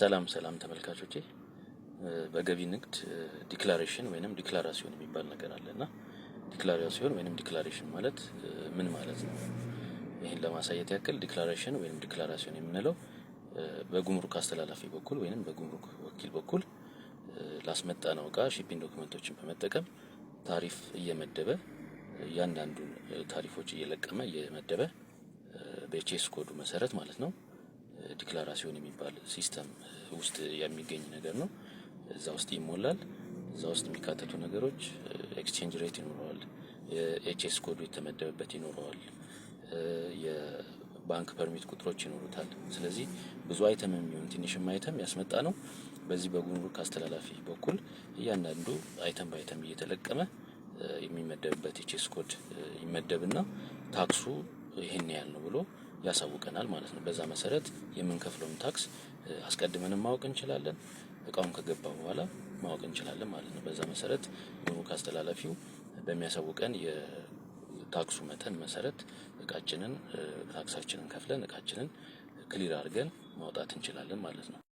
ሰላም ሰላም ተመልካቾቼ፣ በገቢ ንግድ ዲክላሬሽን ወይም ዲክላራሲዮን የሚባል ነገር አለ እና ዲክላራሲዮን ወይም ዲክላሬሽን ማለት ምን ማለት ነው? ይህን ለማሳየት ያክል ዲክላሬሽን ወይም ዲክላራሲዮን የምንለው በጉምሩክ አስተላላፊ በኩል ወይም በጉምሩክ ወኪል በኩል ነው እቃ ሺፒንግ ዶክመንቶችን በመጠቀም ታሪፍ እየመደበ እያንዳንዱን ታሪፎች እየለቀመ እየመደበ በቼስ ኮዱ መሰረት ማለት ነው ዲክላራሲዮን የሚባል ሲስተም ውስጥ የሚገኝ ነገር ነው። እዛ ውስጥ ይሞላል። እዛ ውስጥ የሚካተቱ ነገሮች ኤክስቼንጅ ሬት ይኖረዋል፣ የኤችኤስ ኮዱ የተመደበበት ይኖረዋል፣ የባንክ ፐርሚት ቁጥሮች ይኖሩታል። ስለዚህ ብዙ አይተም የሚሆን ትንሽም አይተም ያስመጣ ነው። በዚህ በጉምሩክ አስተላላፊ በኩል እያንዳንዱ አይተም በአይተም እየተለቀመ የሚመደብበት ኤችኤስ ኮድ ይመደብና ታክሱ ይህን ያህል ነው ብሎ ያሳውቀናል ማለት ነው። በዛ መሰረት የምንከፍለውን ታክስ አስቀድመንም ማወቅ እንችላለን፣ እቃውን ከገባ በኋላ ማወቅ እንችላለን ማለት ነው። በዛ መሰረት ጉምሩክ አስተላላፊው በሚያሳውቀን የታክሱ መጠን መሰረት እቃችንን ታክሳችንን ከፍለን እቃችንን ክሊር አድርገን ማውጣት እንችላለን ማለት ነው።